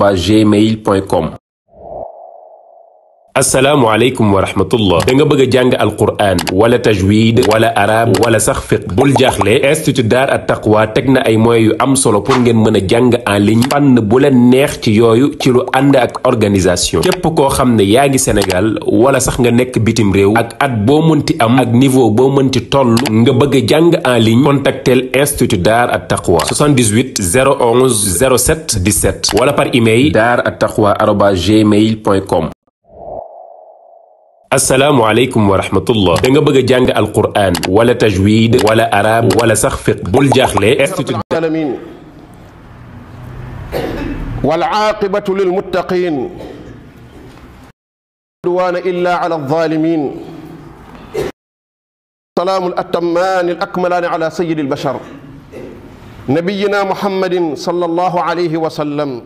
ba gmail point com asalaamualeykum wa rahmatullah da nga bëgg a jàng alquran wala tajwid wala arab wala sax fiq bul jaaxle institut daar at taqwa teg na ay moyens yu am solo pour ngeen mën a jàng en ligne fànn bu leen neex ci yooyu ci lu ànd ak organisation képp koo xam ne yaa ngi Sénégal wala sax nga nekk bitim réew ak at boo mënti am ak niveau boo mënti toll nga bëgg a jàng en ligne contactel institut daar at taqwa 78 011 07 17 wala par email daar at taqwa arobas gmail point com assalaamu aleykum wa rahmatullah da nga bëgg a jàng alquran wala tajwid wala arab wala sax fiq bul jaaxle institut alamin wal aaqibatu lil muttaqin udwaana illa ala alzalimin salaamu atammaani al akmalaani ala sayidi albashar nabiyina muhammadin sallallahu alayhi wa sallam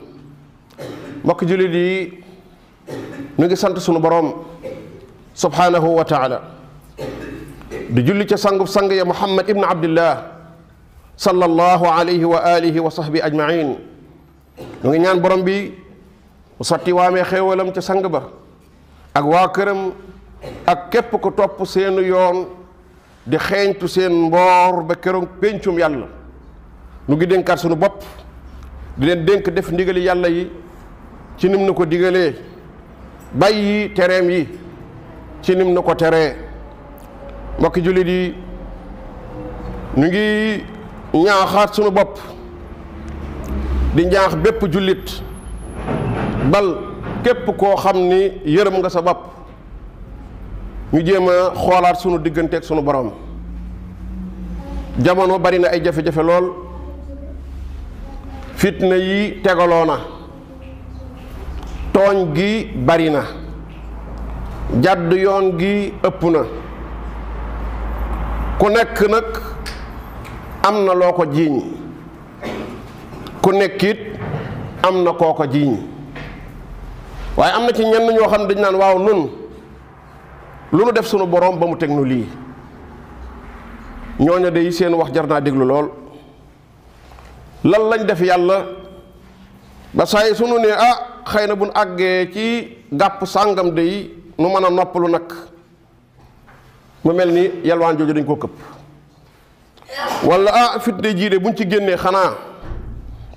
mbokk jullit yi ñu ngi sant sunu boroom subhaanahu wa taala di julli ca sangub sang ya muhammad ibnu abdillah sallallahu alayhi wa alihi wa sahbi ajmain mu ngi ñaan borom bi mu sotti waamee xéewalam ca sang ba ak waa këram ak képp ku topp seenu yoon di xeeñtu seen mboor ba keroog péncum yàlla nu ngi dénkaat sunu bopp di leen dénk def ndigali yàlla yi ci nim nu ko digalee bàyyi tereem yi ci nim na ko tere mbokki jullit yi ñu ngi ñaaxaat sunu bopp di ñaax bépp jullit bal képp koo xam ni yërëm nga sa bopp ñu jéem a xoolaat sunu diggante ak sunu borom jamono bari na ay jafe-jafe lool fitna yi tegaloo na tooñ gi bari na jàdd yoon gi ëpp na ku nekk nag am na loo ko jiiñ ku nekkit am na koo ko jiiñ waaye am na ci ñenn ñoo xam ne dañ naan waaw nun lu nu def sunu borom ba mu teg nu lii ñooñu day seen wax jar naa déglu lool lan lañ def yàlla ba saa yi sunu ne ah xëy na bu buñ àggee ci gàpp sàngam day nu mën a noppalu nag mu mel ni yalwaan jooju dañ koo këpp wala ah fitne jii de buñ ci génnee xanaa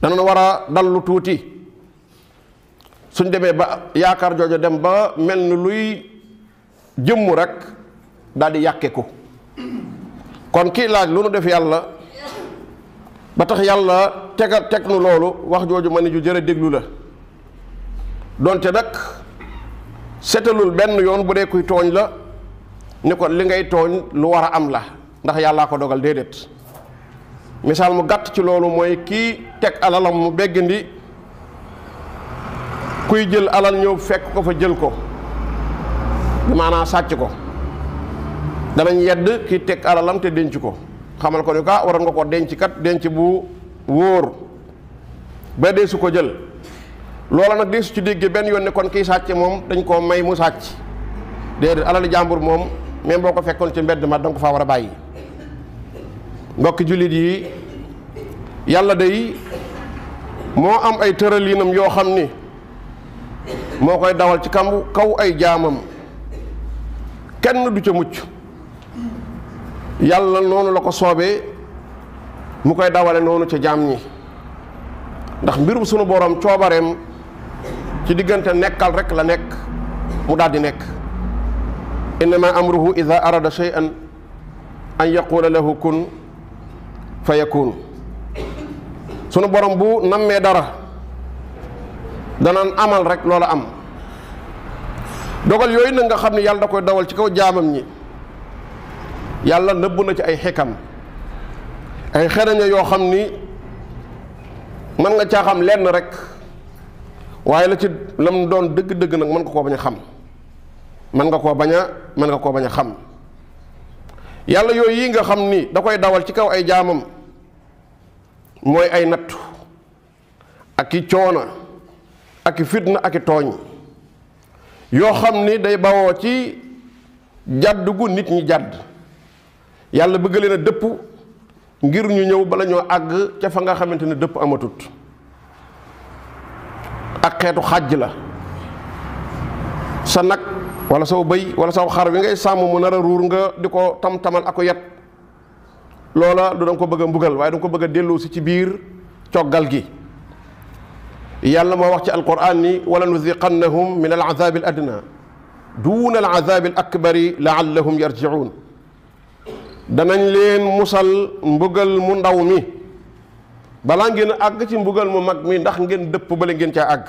danañ war a dal lu tuuti suñ demee ba yaakaar jooju dem ba mel ni luy jëmmu rek dal di yàkke ko kon kii laaj lu nu def yàlla ba tax yàlla tega teg nu loolu wax jooju ma ne ju jërë déglu la donte nag setalul benn yoon bu dee kuy tooñ la ni ko li ngay tooñ lu war a am la ndax yàllaa ko dogal déedéet misaal mu gàtt ci loolu mooy kii teg alalam mu béggandi kuy jël alal ñëw fekk ko fa jël ko bi maanaam sàcc ko danañ yedd kii teg alalam te denc ko xamal ko ni kaa ah, waroon nga ko denc kat denc bu wóor ba dee ko jël loola nag deesu ci déggee benn yoon ne kon kiy sàcc moom dañ koo may mu sàcc déedéet alali jàmbur moom même boo ko fekkoon ci mbedd ma danga ko faa war a bàyyi mbokki jullit yi yàlla day moo am ay tëraliinam yoo xam ni moo koy dawal ci kam kaw ay jaamam kenn du ca mucc yàlla noonu la ko soobee mu koy dawale noonu ca jaam ñi ndax mbirum sunu borom coobareem ci diggante nekkal rek la nekk mu daal di nekk innama amruhu ida arada shay'an an yaqula lahu kun fa yakun sunu borom bu nammee dara danaan amal rek loola am dogal yooyu nag nga xam ne yàlla da koy dawal ci kaw jaamam ñi yàlla nëbb na ci ay xikam ay xeraña yoo xam ni mën nga caaxam lenn rek waaye la ci lam doon dëgg-dëgg nag mën nga koo bañ a xam mën nga koo bañ a mën nga koo bañ a xam yàlla yooyu yi nga xam ni da koy dawal ci kaw ay jaamam mooy ay nattu aki i coona ak fitna ak tooñ yoo xam ni day bawoo ci jàdd gu nit ñi jàdd yàlla bëgg leen dëpp ngir ñu ñëw bala ñoo àgg ca fa nga xamante ne dëpp amatut ak xeetu xàjj la sa nag wala saw bëy wala saw xar wi ngay sàmm mu nar a ruur nga di ko tam-tamal ako yet loola du danga ko bëgg a mbugal waaye danga ko bëgg a delloo si ci biir coggal gi yàlla moo wax ci alquran ni wala nuziqannahum min alazabi al adna duuna alazabi al akbari laallahum yarjiun danañ leen musal mbugal mu ndaw mi balaa ngeen àgg ci mbugal mu mag mi ndax ngeen dëpp bale ngeen caa àgg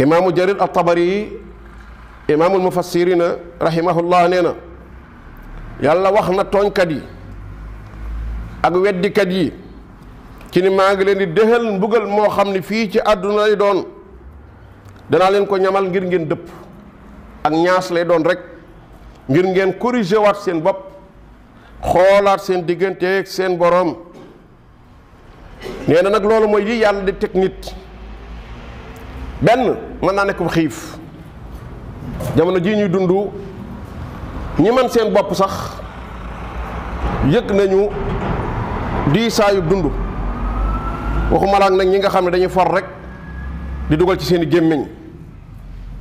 imaamu jarir al tabari yi imaamul mufassirina rahimahullah nee na yàlla wax na tooñkat yi ak weddikat yi ci ni maa ngi leen di dëxal mbugal moo xam ne fii ci àdduna lay doon danaa leen ko ñamal ngir ngeen dëpp ak ñaas lay doon rek ngir ngeen corriger waat seen bopp xoolaat seen digganteeg seen boroom nee na nag loolu mooy lii yàlla di teg nit benn mën naa nekk xiif jamono ji ñuy dund ñi man seen bopp sax yëg nañu diisaayu dund waxuma la ak nag ñi nga xam ne dañuy for rek di dugal ci seen gémmiñ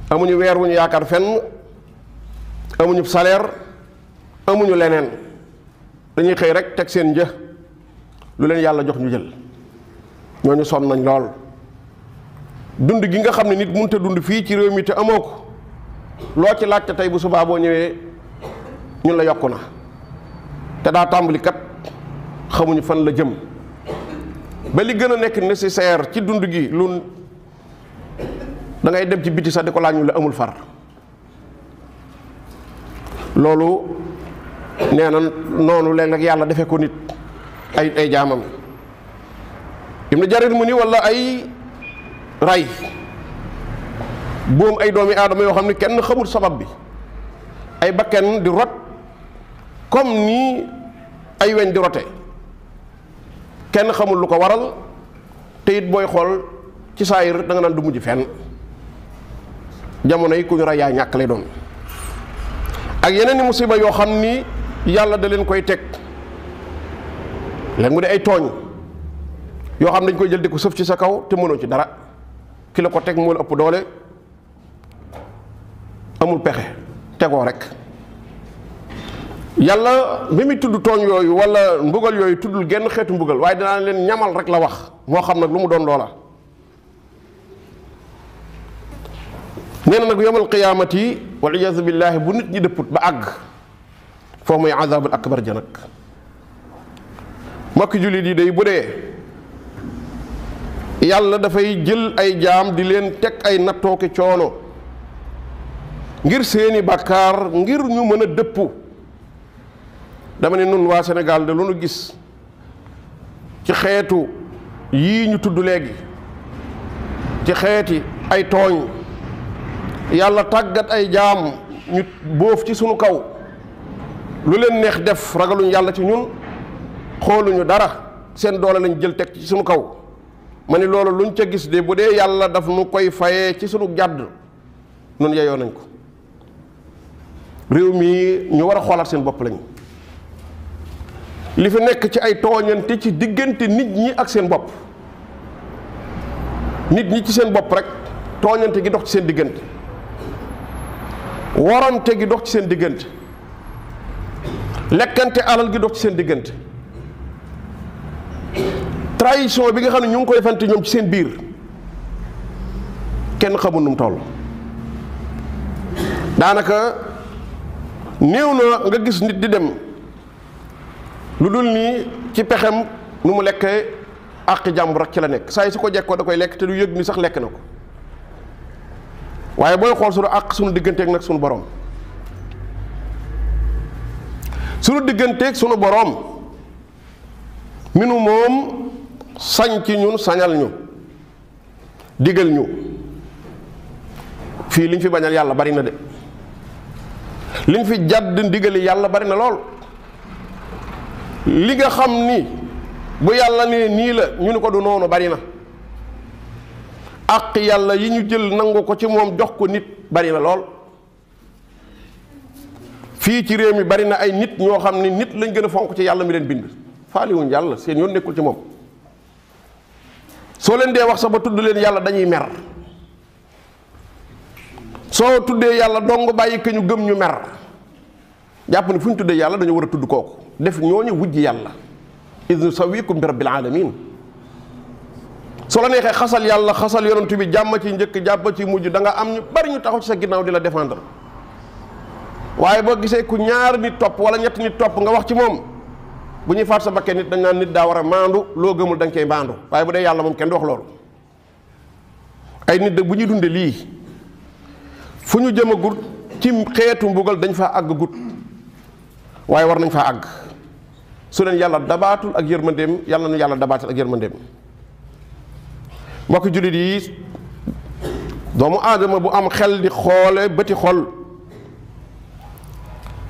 amuñu weer wu ñu yaakaar fenn amuñu salaire amuñu leneen dañuy xëy rek teg seen një lu leen yàlla jox ñu jël ñooñu sonn nañ lool dund gi nga xam ne nit mënut dund fii ci réew mi te amoo ko loo ci laajte tey bu subaa boo ñëwee ñun la yokku na te daa tàmbali kat xamuñu fan la jëm ba li gën a nekk nécessaire ci dund gi lu dangay dem ci biti sax di ko laaj ñu la amul far loolu nee na noonu léeg-léeg yàlla defe ko nit ay ay jaamam. ibnu jarir mu ni wala ay ray boom ay doomi aadama yoo xam ne kenn xamul sabab bi ay bakken di rot comme nii ay weñ di rote kenn xamul lu ko waral te booy xool ci saayir da nga naan du mujj fenn jamono yi ku ñu ray yaa ñàkk lay doon ak yeneen i musiba yoo xam ni yàlla da leen koy teg leen mu de ay tooñ yoo xam dañ koy jël di ko sëf ci sa kaw te mënoo ci dara ki la ko teg moo la ëpp doole amul pexe tegoo rek yàlla bi muy tudd tooñ yooyu wala mbugal yooyu tuddul genn xeetu mbugal waaye dinaa leen ñamal rek la wax moo xam nag lu mu doon loola nee na nag yomal qiyaamati wal iyaazu billaahi bu nit ñi dëpput ba àgg foo mooy azaabul ak ja nag mbokki jullit yi day bu dee yàlla dafay jël ay jaam di leen teg ay nattooke coono ngir seeni bàkkaar ngir ñu mën a dëpp dama ne nun waa Sénégal de lu nu gis ci xeetu yii ñu tudd léegi ci xeeti ay tooñ yàlla tàggat ay jaam ñu bóof ci sunu kaw lu leen neex def ragaluñ yàlla ci ñun xooluñu dara seen doole lañ jël teg ci sunu kaw ma ni loolu luñ ca gis de bu dee yàlla daf nu koy fayee ci sunu jàdd nun yeyoo nañ ko réew mi ñu war a xoolaat seen bopp lañu li fi nekk ci ay tooñante ci diggante nit ñi ak seen bopp nit ñi ci seen bopp rek tooñante gi dox ci seen diggante warante gi dox ci seen diggante lekkante alal gi dox ci seen diggante trahison bi nga xam ne ñu ngi koy fante ñoom ci seen biir kenn xamul nu mu daanaka néew na nga gis nit di dem lu dul nii ci pexem nu mu lekkee àq jàmbur rek ci la nekk saa yi su ko jekkoo da koy lekk te du yëg ni sax lekk na ko waaye booy xool suñu àq suñu digganteek nag suñu boroom suñu digganteeg suñu boroom minu moom sañ ci ñun sañal ñu digal ñu fii liñ fi bañal yàlla bari na de liñ fi jàdd ndigali yàlla bari na lool li nga xam ni bu yàlla ne nii la ñu ni ko du noonu bari na àq yàlla yi ñu jël nangu ko ci moom jox ko nit bari na lool fii ci réew mi bari na ay nit ñoo xam ni nit lañ gën a fonk ci yàlla mi leen bind faaliwuñ yàlla seen yoon nekkul ci moom soo leen dee wax sax ba tudd leen yàlla dañuy mer soo tuddee yàlla dong bàyyi ka ñu gëm ñu mer jàpp ni fu ñu tuddee yàlla dañu war a tudd kooku def ñooñu wujj yàlla iz nusawwiikum bi rabbil aalamiin soo la neexee xasal yàlla xasal yonent bi jàmm ci njëkk jàpp ci mujj danga am ñu bari ñu taxaw sa ginnaaw di la défendre waaye boo gisee ku ñaar nit topp wala ñett nit topp nga wax ci moom bu ñu faat sa bakkee nit dañ naan nit daa war a maandu loo gëmul dañ nga koy maandu waaye bu dee yàlla moom kenn du wax loolu ay nit de bu ñu dunde lii fu ñu jëm a gut ci xeetu mbugal dañ faa àgg gut waaye war nañ faa àgg su leen yàlla dabaatul ak yërmandeem yàlla nu yàlla dabaatul ak yërmandeem mbokki jullit yi doomu aadama bu am xel di xoole bëti xol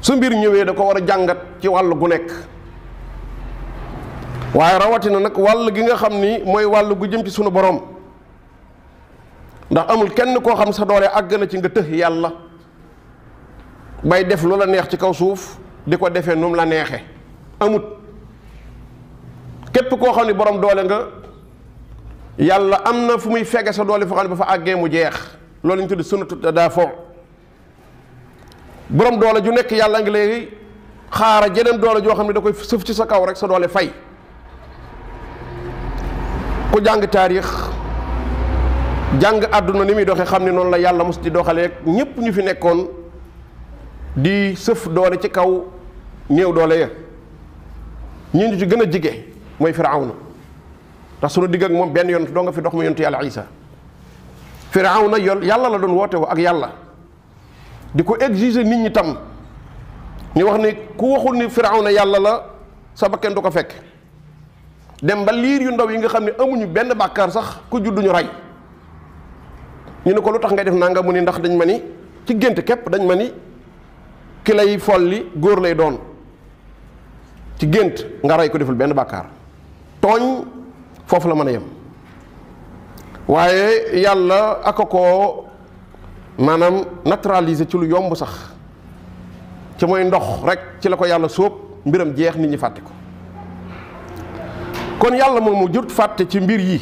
su mbir ñëwee da ko war a jàngat ci wàll gu nekk waaye rawatina nag wàll gi nga xam ni mooy wàll gu jëm ci sunu borom ndax amul kenn koo xam sa doole àgg na ci nga tëx yàlla bay def lu la neex ci kaw suuf di ko defee nu mu la neexe amut képp koo xam ni borom doole nga yàlla am na fu muy fege sa doole foo xam ne ba fa àggee mu jeex loolu ñu tudd sunu daa fo borom doole ju nekk yàlla ngi lay xaara jeneen doole joo xam ne da koy sëf ci sa kaw rek sa doole fay ku jàng taarix jàng àdduna ni muy doxee xam ne noonu la yàlla mos di doxalee rek ñépp ñu fi nekkoon di sëf doole ci kaw néew doole ya ñi ñu ci gën a jige mooy firawna ndax sunu digg ak moom benn yonent doo nga fi dox mu yonent yàlla isa na yoon yàlla la doon woote ak yàlla di ko exiger nit ñi tam ñu wax ni ku waxul ni na yàlla la sa bakken du ko fekk dem ba liir yu ndaw yi nga xam ne amuñu benn bàkkaar sax ku judduñu rey ñu ne ko lu tax ngay def nanga mu ni ndax dañ ma ni ci gént képp dañ ma ni ki lay folli góor lay doon ci gént nga rey ko deful benn bàkkaar tooñ foofu la mën a yem waaye yàlla aka ko maanaam naturaliser ci lu yomb sax ci mooy ndox rek ci la ko yàlla sóob mbiram jeex nit ñi fàtte ko kon yàlla moom mu jur fàtte ci mbir yi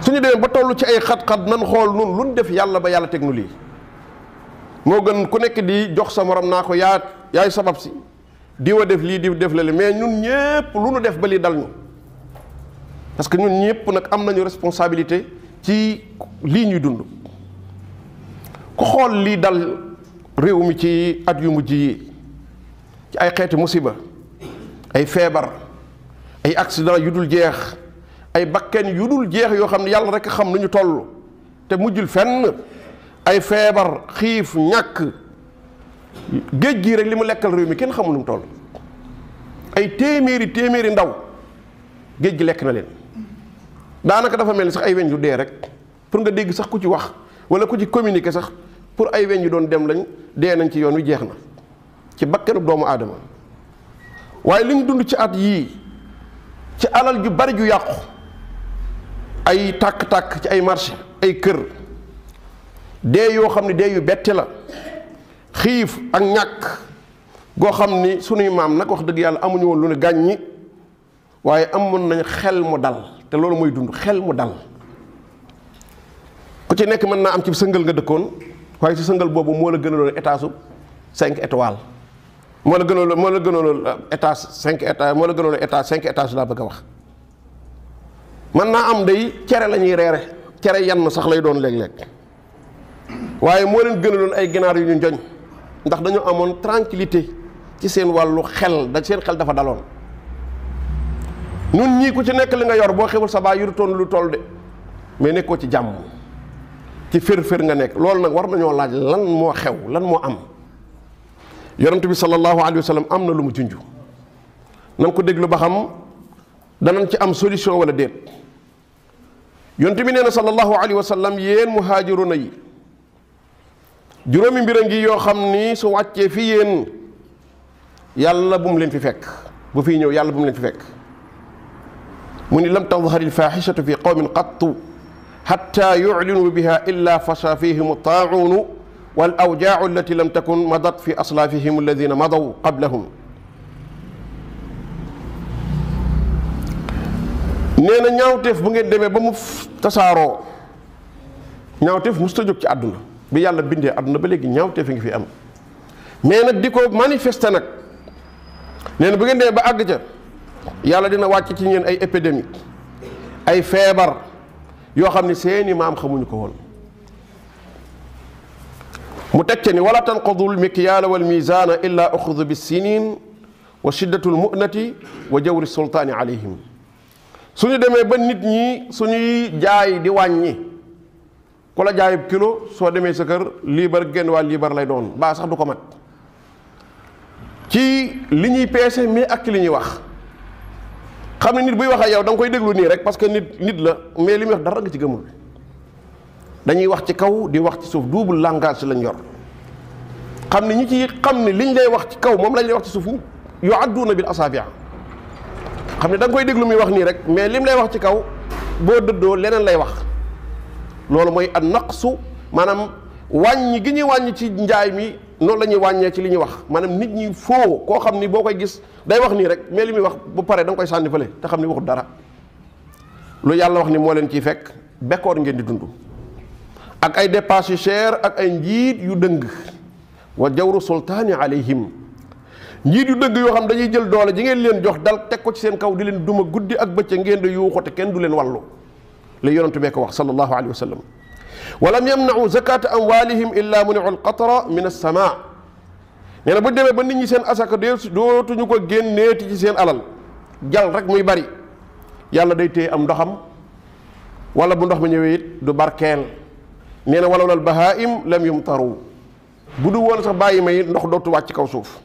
suñu demee ba toll ci ay xat-xat nan xool nun luñ def yàlla ba yàlla teg nu lii moo gën ku nekk di jox sa morom naa ko yaa yaay sabab si di def lii di def lale mais ñun ñëpp lu nu def ba lii dal ñu parce que ñun ñëpp nag am nañu responsabilité ci lii ñuy dund ku xool lii dal réew mi ci at yu mujj yi ci ay xeeti musiba ay feebar ay accident yu dul jeex ay bakken yu dul jeex yoo xam ne yàlla rek xam ñu toll te mujjul fenn ay feebar xiif ñàkk géej gi rek li mu lekkal réew mi kenn xamul nu mu toll ay téeméeri téeméeri ndaw géej gi lekk na leen daanaka dafa mel ni sax ay weñ yu dee rek pour nga dégg sax ku ci wax wala ku ci communiquer sax pour ay weñ yu doon dem lañ dee nañ ci yoon wi jeex na ci bakkenu doomu aadama waaye li ñu dund ci at yii ci alal ju bari ju yàqu ay tàkk-tàkk ci ay marché ay kër dee yoo xam ne dee yu bette la xiif ak ñàkk goo xam ni sunuy maam nag wax dëgg yàlla amuñu woon lu ne gàññi waaye amoon nañ xel mu dal te loolu mooy dund xel mu dal ku ci nekk mën naa am ci sëngal nga dëkkoon waaye ci sëngal boobu moo la gën a doon étage cinq étoiles moo la gënoon moo la gënoon étage cinq étage moo la gënoon étage cinq étage laa bëgg a wax man naa am day cere lañuy ñuy reere cere yann sax lay doon léeg-léeg waaye moo leen gënaloon ay ginaar yu ñu njoñ ndax dañu amoon tranquillité ci seen wàllu xel da seen xel dafa daloon nun ñii ku ci nekk li nga yor boo xewul sa baa yurutoon lu toll de mais nekkoo ci jàmm ci fër-fër nga nekk loolu nag war nañoo laaj lan moo xew lan moo am yonent bi sallallahu alayhi am na lu mu junj nan ko déglu ba xam danañ ci am solution wala déet yonent bi nee na sallallahu alayhi wa sallam yéen muhaajiruna yi juróomi mbira ngi yoo xam ni su wàccee fii yéen yàlla bu mu leen fi fekk bu fiy ñëw yàlla bu mu leen fi fekk mu ni lam tadhar alfaxishatu fi qawmin qattu xatta yuclinu biha illa fasha fihim taacuunu wal awjaacu allati lam takun madat fi aslaafihim alladina madaw qablahum nee na ñaawteef bu ngeen demee ba mu tasaaroo ñaawteef musta jóg ci àdduna bi yàlla bindee àdduna ba léegi ñaawteef a ngi fi am mais nag di ko manifester nag nee na bu ngeen demee ba àgg ca yàlla dina wàcc ci ñeen ay épidémie ay feebar yoo xam ne seeni maam xamuñu ko woon mu teg ca ni wala tanqadul mikiyaala wal miizaana illa uxudu bi sinin wa shiddatul mu'nati wa jawri sultaani alayhim su ñu demee ba nit ñi suñuy jaay di wàññi ku la jaayub kilo soo demee sa kër liibar genn waa liibar lay doon baa sax du ko mat ci li ñuy peese mais ak ci li ñuy wax xam ne nit buy wax ak yow da koy déglu nii rek parce que nit nit la mais li muy wax dara nga ci gëmul dañuy wax ci kaw di wax ci suuf double langage lañu yor xam ne ñi ci xam ne liñ lay wax ci kaw moom lañ lay wax ci suuf yu àdduna bi asaabia xam ne da koy déglu muy wax nii rek mais lim lay wax ci kaw boo dëddoo leneen lay wax loolu mooy an naqsu maanaam wàññi gi ñuy wàññi ci njaay mi noonu la ñuy wàññee ci li ñuy wax maanaam nit ñi foo koo xam ni boo koy gis day wax nii rek mais li muy wax bu pare da koy sànni fële te xam ni waxut dara lu yàlla wax ni moo leen ciy fekk bekkoor ngeen di dund ak ay dépenses yu cher ak ay njiit yu dëng wa jawru sultaani alayhim njiit yu dëgg yoo xam dañuy jël doole ji ngeen leen jox dal teg ko ci seen kaw di leen duma guddi ak bëccëg ngeen di yuuxu te kenn du leen wàllu la yonent bee ko wax sallallahu alayhi wa sallam walam yamnau zakata amwalihim illa muniu alqatra min alsama nee na bu demee ba nit ñi seen asaka dee dootuñu ko génneeti ci seen alal jal rek muy bari yàlla day téye am ndoxam wala bu ndox ma ñëwee it du barkeel nee na walaw al bahaim lam yumtaru bu du woon sax bàyyi ma yi ndox dootu wàcc kaw suuf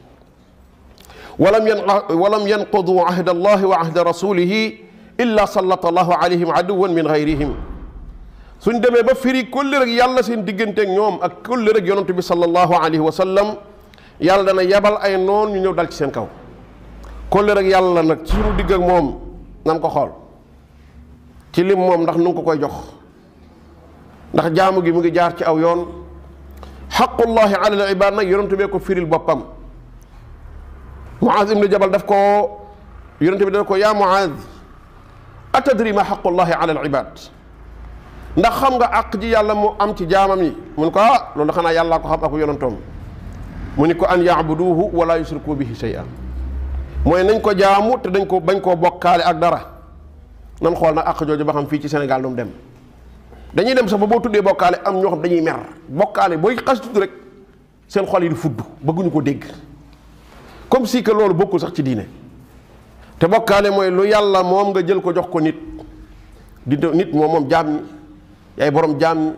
walam yan ah, walam yanqudu ahda allahi wa ahda rasulihi illa sallata allahu alayhim aduwan min gayrihim suñ demee ba firi kóllëre ak yàlla seen diggante ak ñoom ak kóllëre ak yonent bi sallallahu alayhi wa sallam yàlla na yabal ay noon ñu ñëw dal ci seen kaw kóllëre rek yàlla nag suñu digg ak moom nan ko xool ci lim moom ndax nu ko koy jox ndax jaamu gi mu ngi jaar ci aw yoon xaqullahi ala al ibad nag yonent bee ko firil boppam Muaz ibnu Jabal daf koo ko yaa Muaz atadri ma al ibad ndax xam nga àq ji yàlla mu am ci jaamam yi mu ne ko ah loolu xanaa yàllaa ko xam ak yonentoom mu ni ko an yaabuduuhu wala yusriku bihi shay'an mooy nañ ko jaamu te dañ ko bañ koo bokkaale ak dara xool nag jooju ba fii ci Sénégal nu dem dañuy dem sax ba boo tuddee bokkaale am ñoo xam dañuy mer bokkaale booy xas tudd rek seen xol yi di fudd bëgguñu ko dégg comme si loolu bokkul sax ci diine te bokkaale mooy lu yàlla moom nga jël ko jox ko nit di nit moom moom jaam ñi yaay borom jaam ñi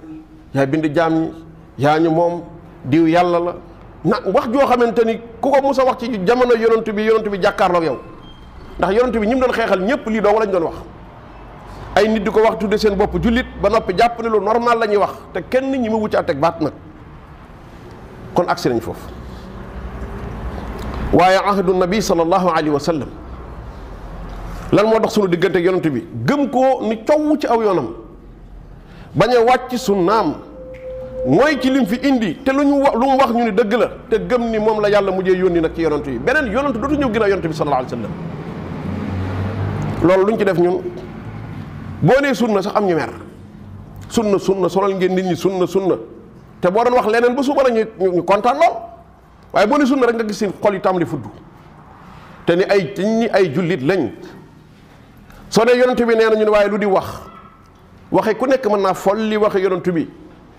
yaay bind jaam ñi yaa ñu moom diw yàlla la na wax joo xamante ni ku ko mos a wax ci jamono yonent bi yonent bi jàkkaarloog yow ndax yonent bi ñi mu doon xeexal ñëpp lii doo lañ doon wax ay nit di ko wax tudde seen bopp jullit ba noppi jàpp ne lu normal la ñuy wax te kenn ñi mu wuccaa teg baat nag kon agsi nañ foofu waaye ahadu nabi sallallahu alayhi wa sallam lan moo dox sunu diggante yonent bi gëm koo ni coow ci aw yoonam bañ a wàcc sunnaam mooy ci lim fi indi te lu ñu wax lu mu wax ñu ni dëgg la te gëm ni moom la yàlla mujjee yónni nag ci yonent yi beneen yonent dootu ñëw ginnaaw yonent bi sallallahu alayhi wa sallam loolu ci def ñun boo nee sunna sax am ñu mer sunna sunna solal ngeen nit ñi sunna sunna te boo doon wax leneen ba suba la ñu ñu kontaan lool waaye boo nee sunna rek nga gis seen xol yi li fudd te ni ay ni ay jullit lañ soo dee yonent bi nee nañu ñu ne waaye lu di wax waxe ku nekk mën naa folli waxe yonent bi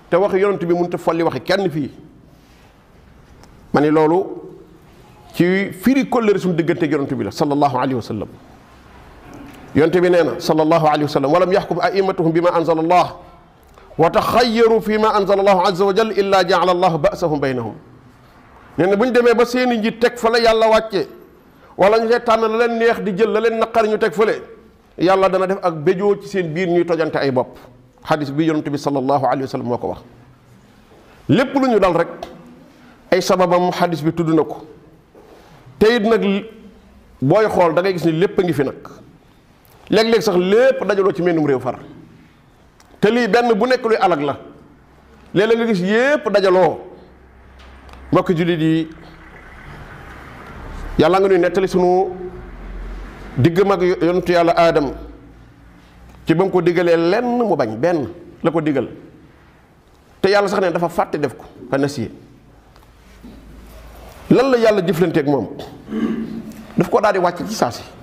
te waxe yonent bi mënut a folli waxe kenn fii ma ni loolu ci firi kóllëre suñu diggante yonent bi la sallallahu alayhi wa sallam yonte bi nee na sallallahu alayhi wa sallam walam a aimatuhum bi ma anzala allah wa taxayaru fi ma anzala allahu azza wa jal illa jaala allahu ba baynahum nee na bu ñu demee ba seeni njiit teg fa la yàlla wàcce wala ñu tànn la leen neex di jël la leen naqar ñu teg fële yàlla dana def ak béjoo ci seen biir ñuy tojante ay bopp xadis bi yonent bi sallallahu alayhi wa sallam moo ko wax lépp lu ñu dal rek ay sababam xadis bi tudd na ko te it nag booy xool da ngay gis ni lépp a ngi fi nag léeg-léeg sax lépp dajaloo ci mennum réew far te lii benn bu nekk luy alag la léeg nga gis yépp dajaloo mbokk jullit yi yàlla nga nuy nettali sunu diggam ak yonentu yàlla aadam ci ba mu ko diggalee lenn mu bañ benn la ko diggal te yàlla sax ne dafa fàtte def ko fa nasiye lan la yàlla jëflanteeg moom daf ko daal di wàcc ci saasi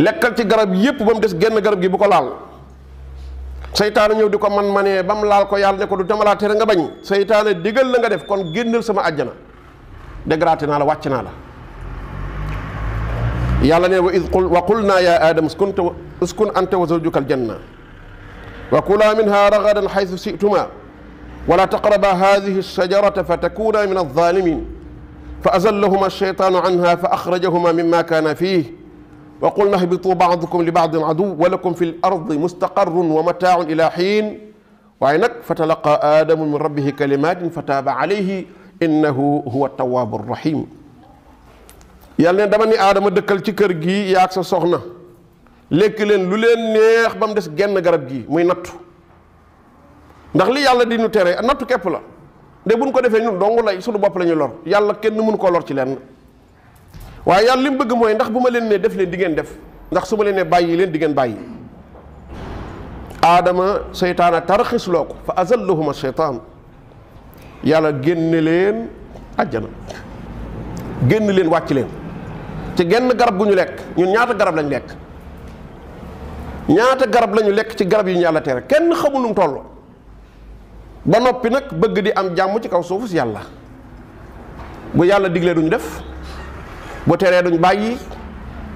lekkal ci garab yépp bam des genn garab gi bu ko laal seytaane ñëw di ko man manee ba mu laal ko yàlla ne ko du demalaa tere nga bañ di digal la nga def kon génnal sama àjjana dégraté naa la wàcc naa la yàlla ne wa iz qul wa qul naa yaa aadam uskun uskun anta wa zawjukal janna wa kulaa minha ragadan xaysu situma wala taqraba hadihi shajarata fa takuna min alzalimin fa azallahuma alcheytaanu anha fa axrajahuma mimma kaana fiih wa qulna ihbituu ba'dukum li ba'din aduwwun wa lakum fi l-ardi mustaqarrun wa mataa'un ilaa hiin waaye nag fa talaqaa aadamu min rabbihi kalimaatin fa taaba alayhi innahu huwa tawaabu rahiim yàlla ne dama ni aadama dëkkal ci kër gi yaag sa soxna lekk leen lu leen neex ba mu des genn garab gi muy nattu ndax li yàlla di ñu tere nattu képp la nde buñ ko defee ñun dong lay suñu bopp la ñu lor yàlla kenn mënu ko lor ci leen waaye yàlla li bëgg mooy ndax bu ma leen ne def leen di ngeen def ndax su ma leen bàyyi leen di ngeen bàyyi aadama seytaana tarxisloo ko fa azallahuma seytaan yàlla génne leen àjjana génn leen wàcc leen ci genn garab gu ñu lekk ñun ñaata garab lañ lekk ñaata garab lañu lekk ci garab yi ñu yàlla tere kenn xamul nu toll ba noppi nag bëgg di am jàmm ci kaw suufu si yàlla bu yàlla diglee duñu def bu teree duñ bàyyi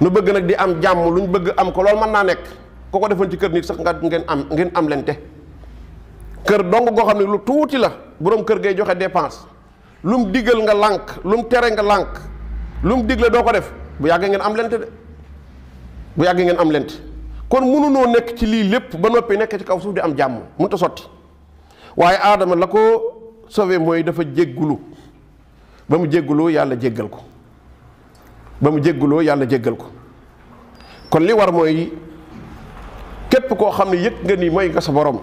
nu bëgg nag di am jàmm luñ bëgg am ko loolu mën naa nekk ko ko defoon ci kër nit sax nga ngeen am ngeen am lente kër dong goo xam ne lu tuuti la boroom kër gay joxe dépense lu mu diggal nga lànk lu mu tere nga lànk lu mu digle doo ko def bu yàggee ngeen am lente de bu yàggee ngeen am lent kon mënunoo nekk ci lii lépp ba noppi nekk ci kaw suuf di am jàmm mënut a sotti waaye aadama la ko soowee mooy dafa jéggulu ba mu jéggulu yàlla jéggal ko ba mu jéggaloo yàlla jéggal ko kon li war mooy képp koo xam ne yëg nga ni mooy nga sa borom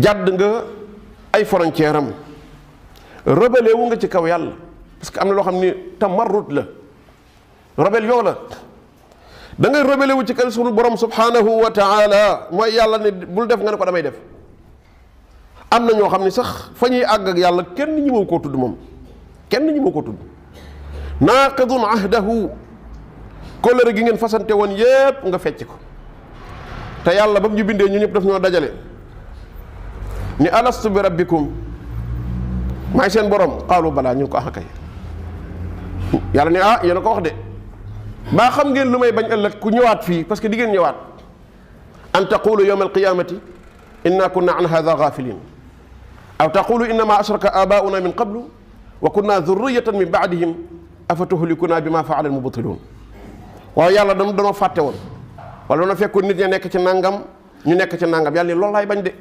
jàdd nga ay frontière am rebelle nga ci kaw yàlla parce que am na loo xam ni tamarrut la rébellion la da ngay ci kaw sunu borom subhanahu wa taala mooy yàlla ne bul def nga ne ko damay def am na ñoo xam ne sax fa ñuy àgg ak yàlla kenn ñi moo koo tudd moom kenn ñi moo koo tudd naaqidun ahdahu kóllëre gi ngeen fasante woon yépp nga fecc ko te yàlla ba mu ñu bindee ñu ñëpp daf ñoo dajale ni alastu bi rabbikum maay seen borom qaalu balaa ñu ko ax kay yàlla ne ah yéena ko wax de baa xam ngeen lu may bañ ëllëg ku ñëwaat fii parce que di ngeen ñëwaat an taqulu yawma alqiyamati inna kunna an hadha ghafilin aw taqulu innama ashraka abauna min qablu wa kunna dhurriyatan min ba'dihim naa bi afatuhlikunaa bimaa fa'ala al-mubtiluun waaw yàlla dama danoo fàtte woon wala na fekkoon nit ña nekk ci nàngam ñu nekk ci nangam yàlla ni loolu laay bañ de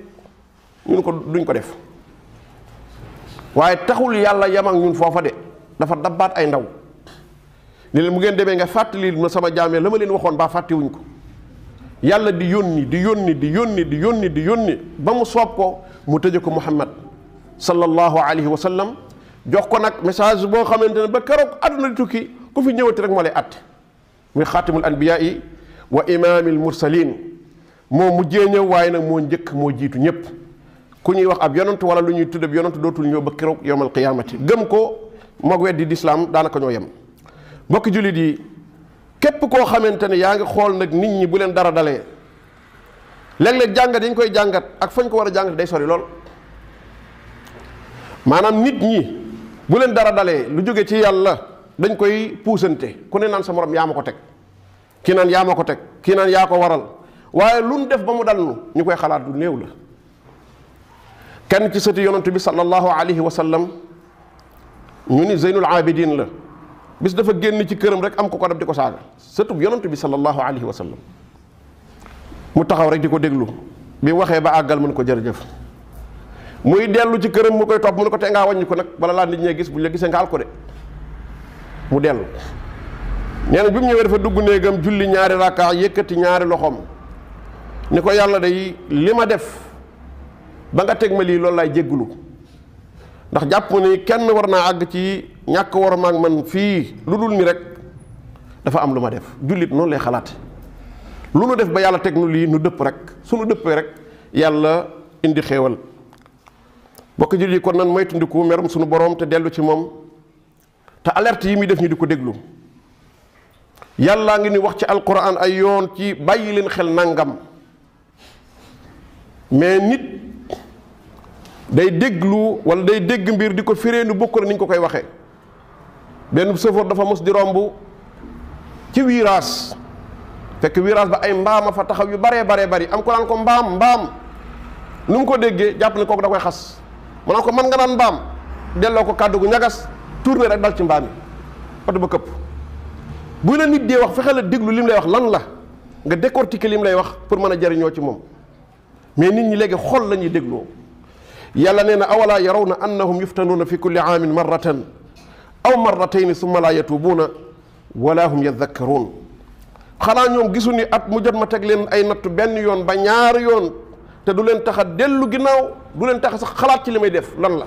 ñun ko duñ ko def waaye taxul yàlla yam ñun foofa de dafa dabbaat ay ndaw li leen mu ngeen demee nga fàttali ma sama jaamee la ma leen waxoon baa fàttewuñ ko yàlla di yónni di yónni di yónni di yónni di yónni ba mu soob ko mu tëje ko muhammad sallallahu alayhi wa jox ko nag message boo xamante ne ba keroog àdduna di tukki ku fi ñëwati rek moo lay àtte muy xaatimul anbiyaa yi wa imaamil mursalin moo mujjee ñëw waaye nag moo njëkk moo jiitu ñëpp ku ñuy wax ab yonant wala lu ñuy tudd ab dootul ñëw ba keroog yowmal qiyaamati gëm ko moog weddi di islaam daanaka ñoo yem mbokki jullit yi képp koo xamante ne yaa ngi xool nag nit ñi bu leen dara dalee léeg-léeg jàngat yi ñu koy jàngat ak fañ ko war a jàngat day sori lool maanaam nit ñi bu leen dara dalee lu jóge ci yàlla dañ koy puusante ku ne naan sa moroom yaa ma ko teg kii naan yaa ma ko teg kii naan yaa ko waral waaye lu nu def ba mu dal nu ñu koy xalaat du néew la kenn ci sëti yonent bi sallallahu alayhi wa sallam ñu ni zeynul abidin la bis dafa génn ci këram rek am ko ko dab di ko saaga sëtub yonent bi sallallahu alayhi wa sallam mu taxaw rek di ko déglu bi waxee ba àggal mën ko jërëjëf muy dellu ci këram mu koy topp mu ne ko te ngaa wàññi ko nag bala laa nit ñee gis bu ñu la gisee nga ko de mu dellu nee bi mu ñëwee dafa dugg néegam julli ñaari rakka yëkkati ñaari loxoom ni ko yàlla day li ma def ba nga teg ma lii loolu laay jéggulu ndax jàpp ni kenn war naa àgg ci ñàkk war maag man fii lu dul ni rek dafa am lu ma def jullit noonu lay xalaat lu nu def ba yàlla teg nu lii nu dëpp rek su nu dëppee rek yàlla indi xéewal bokk jullit yi kon nan moytandiku merum suñu borom te dellu ci moom te alerte yi muy def ñu di ko déglu yàllaa ngi ni wax ci alquran ay yoon ci bàyyi leen xel nangam mais nit day déglu wala day dégg mbir di ko firee nu bokkul ni ñu ko koy waxee benn sëfoor dafa mos di romb ci virage fekk virage ba ay mbaam a fa taxaw yu baree baree bari am ko naan ko mbaam mbaam nu mu ko déggee jàpp ne kooku da koy xas mu naan ko man nga naan mbaam delloo ko kàddu gu ñagas tourné rek dal ci mbaam yi oto ba këpp bu la nit dee wax fexe la déglu lim lay wax lan la nga décortiquer lim lay wax pour mën a jariñoo ci moom mais nit ñi léegi xol la ñuy dégloo yàlla nee na awalaa yarawna annahum yuftanuuna fi kulli aamin marratan aw marratayni summa laa yatuubuuna wala hum yadakkaruun xanaa ñoom gisuñu at mu jot ma teg leen ay nattu benn yoon ba ñaari yoon te du leen tax dellu ginnaaw du leen tax sax xalaat ci li may def lan la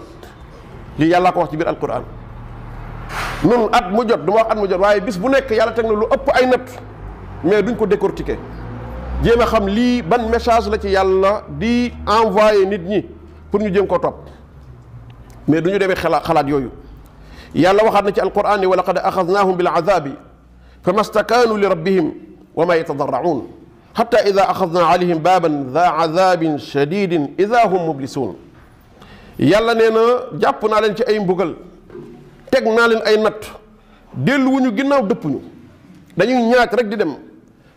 lii yàllaa ko wax ci biir alquran nun at mu jot du ma wax at mu jot waaye bis bu nekk yàlla teg na lu ëpp ay natt mais duñ ko décortiquer jéem a xam lii ban message la ci yàlla di envoyé nit ñi pour ñu jéem koo topp mais du ñu demee xalaat xalaat yooyu yàlla waxaat na ci alquran ni wa laqad axadnaahum bil azabi fa ma stakaanu li rabbihim wa ma yatadarraun xata ida axadna alayhim baaban da azabin shadidin ida hum mublisuun yàlla nee na jàpp naa leen ci ay mbugal teg naa leen ay natt delluwuñu ginnaaw dëppuñu dañuy ñaak rek di dem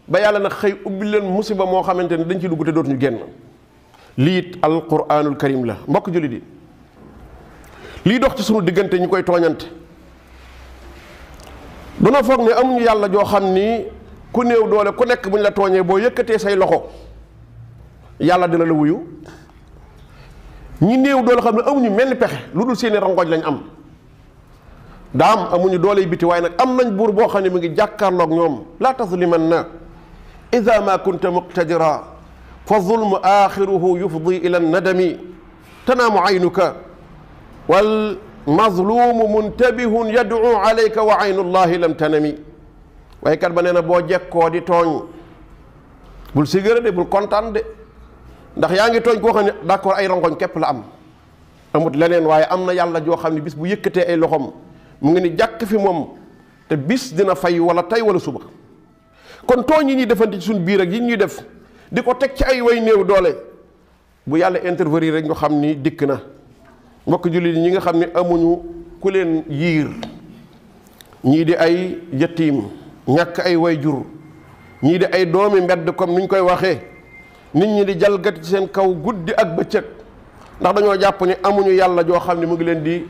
ba yàlla na xëy ubbi leen musiba moo xamante ne dañ ci dugg te dootuñu génn lii it alquranul karim la mbokk jullit yi lii dox ci sunu diggante ñu koy tooñante duna foog ne amuñu yàlla joo xam ni ku néew doole ku nekk bu ñu la tooñee boo yëkkatee say loxo yàlla dina la wuyu ñi néew doole xam ne amuñu menn pexe lu dul seeni rangooj lañ am daam amuñu doole yi biti waay nag am nañ buur boo xam ne mu ngi jàkkaarloog ñoom laa tasliman na ida ma kunta muqtadira fa zulmu axiruhu yufdi ila nadami tanaamu aynuka wal mazlumu muntabihun yadcu alayka wa aynu llahi lam tanami waykat ba nee na boo jekkoo di tooñ bul sigara de bul kontaan de ndax yaa ngi tooñ koo xam ne d'accord ay rongoñ képp la am amut leneen waaye am na yàlla joo xam ne bis bu yëkkatee ay loxoom mu ngi ni jàkk fi moom te bis dina fay wala tey wala suba kon tooñ yi ñuy defante ci suñu biir ak yi ñuy def di ko teg ci ay way néew doole bu yàlla intervenir rek ñu xam ni dikk na mbokk jullit ñi nga xam ne amuñu ku leen yiir ñii di ay yatiim ñàkk ay way jur ñii di ay doomi mbedd comme ni koy waxee nit ñi di jalgati ci seen kaw guddi ak bëccëg ndax dañoo jàpp ni amuñu yàlla joo xam ne mu ngi leen di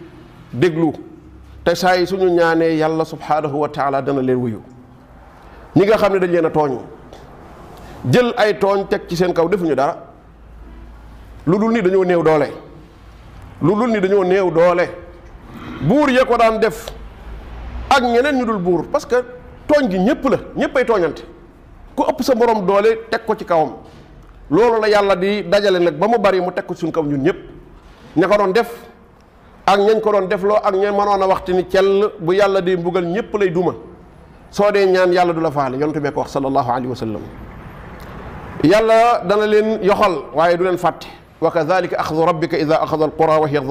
déglu te saa yi suñu ñaanee yàlla subhaanahu wa taala dana leen wuyu ñi nga xam ne dañ leen a tooñ jël ay tooñ teg ci seen kaw defuñu dara lu dul ni dañoo néew doole lu dul ni dañoo néew doole buur ya ko daan def ak ñeneen ñu dul buur parce tooñ gi ñëpp la ñëppay tooñante ku ëpp sa borom doole teg ko ci kawam loolu la yàlla di dajale nag ba mu bari mu teg ko suñ kaw ñun ñëpp ña doon def ak ñañ ko doon defloo ak ña mënoon a waxtu ni cell bu yàlla di mbugal ñëpp lay duma soo dee ñaan yàlla du la faale yontu bee ko wax sallallahu alayhi wa sallam yàlla dana leen yoxal waaye du leen fàtte wa kadalika axdu rabbika ida axada alqura wa hiya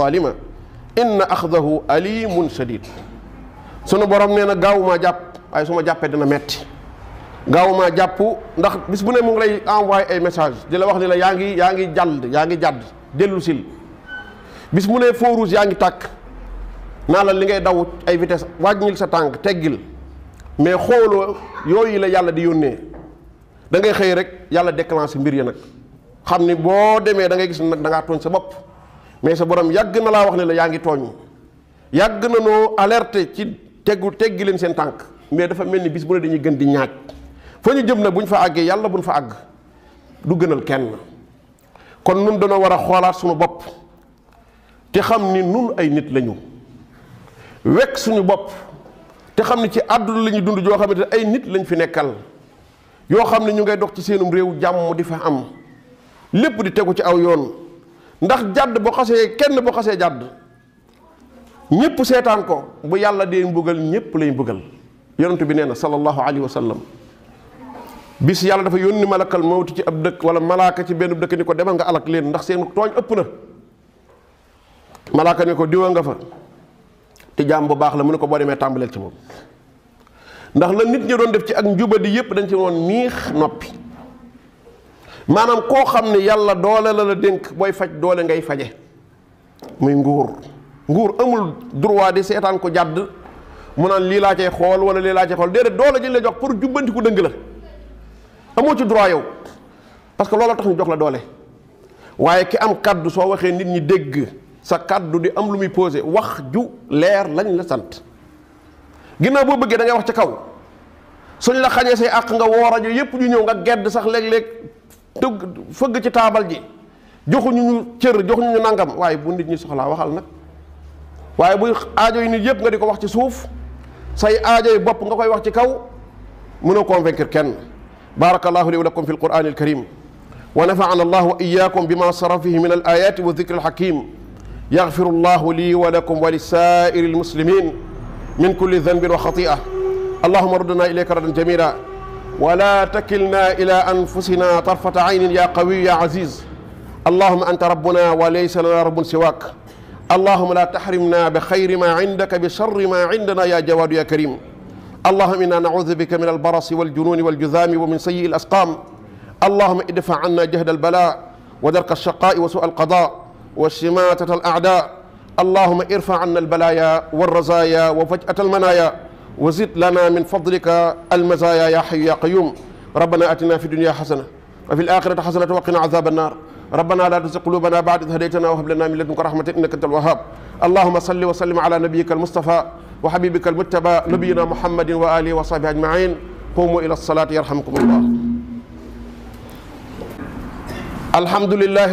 borom nee na gaaw maa jàpp waaye su ma jàppee dina metti gaaw ma jàppu ndax bis bu ne mu ngi lay envoyé ay message di la wax ni la yaa ngi yaa ngi jàll yaa ngi jàdd dellu bis bu ne feu yaa ngi tàkk naa la li ngay daw ay vitesse wàññil sa tànk teggil mais xooloo yooyu la yàlla di yónnee da ngay xëy rek yàlla déclenché mbir yi nag xam ni boo demee da ngay gis nag da tooñ sa bopp mais sa borom yàgg na laa wax ne la yaa ngi tooñ yàgg na noo alerté ci teggu teggi leen seen tànk mais dafa mel ni bis bu ne dañuy gën di ñaaj foo ñu jëm nag bu ñu fa àggee yàlla bu ñu fa àgg du gënal kenn kon nun dañoo war a xoolaat suñu bopp te xam ni nun ay nit lañu wekk suñu bopp te xam ni ci àdduna la ñuy dund joo xamante ay nit lañ fi nekkal yoo xam ne ñu ngay dox ci seenum réew jàmm di fa am lépp di tegu ci aw yoon ndax jàdd boo xasee kenn boo xasee jàdd ñépp seetaan ko bu yàlla dee mbugal ñépp lay mbugal yonent bi nee na sallallahu alayhi wa sallam bis yàlla dafa yónni malakal mawtu ci ab dëkk wala malaaka ci benn dëkk ni ko demal nga alak leen ndax seen tooñ ëpp na malaaka ni ko diwa nga fa te jaam bu baax la mu ne ko boo demee tàmbaleel ci moom ndax la nit ñi doon def ci ak di yépp dañ ci woon miix noppi maanaam koo xam ne yàlla doole la la dénk booy faj doole ngay faje muy nguur nguur amul droit di seetaan ko jàdd mu naan lii laa cay xool wala lii laa cay xool déedéet doole jëñ jox pour jubbanti ku dëng la amoo ci droit yow parce que looloo tax ñu jox la doole waaye ki am kàddu soo waxee nit ñi dégg sa kàddu di am lu muy posé wax ju leer lañ la sant ginnaaw boo bëggee da wax ci kaw suñ la xañee say àq nga woo rajo yépp ñu ñëw nga gedd sax léeg-léeg tëgg fëgg ci taabal ji joxuñu ñu cër joxuñu ñu nangam waaye bu nit ñi soxlaa waxal nag waaye buy aajo yi nit yépp nga di ko wax ci suuf say aajoy bopp nga koy wax ci kaw mënoo convaincre kenn barakallahu li wa lakum fi alquran alkarim wa nafa'ana allahu wa iyyakum bima sarafihi min alayati wa dhikri alhakim yaghfiru allahu li wa lakum wa lisaa'iri almuslimin min kulli dhanbin wa khati'a allahumma ruddna ilayka raddan jamila wa la takilna ila anfusina tarfata aynin ya qawiy ya aziz allahumma anta rabbuna wa laysa lana rabbun siwaak اللهم لا تحرمنا بخير ما عندك بشر ما عندنا يا جواد يا كريم اللهم إنا نعوذ بك من البرص والجنون والجذام ومن سيء الأسقام اللهم ادفع عنا جهد البلاء ودرك الشقاء وسوء القضاء وشماتة الأعداء اللهم ارفع عنا البلايا والرزايا وفجأة المنايا وزد لنا من فضلك المزايا يا حي يا قيوم ربنا أتنا في الدنيا حسنة وفي الآخرة حسنة وقنا عذاب النار ربنا لا تزغ قلوبنا بعد إذ هديتنا وهب لنا من لدنك رحمة إنك أنت الوهاب اللهم صل وسلم على نبيك المصطفى وحبيبك المتبى نبينا محمد وآله وصحبه أجمعين قوموا إلى الصلاة يرحمكم الله الحمد لله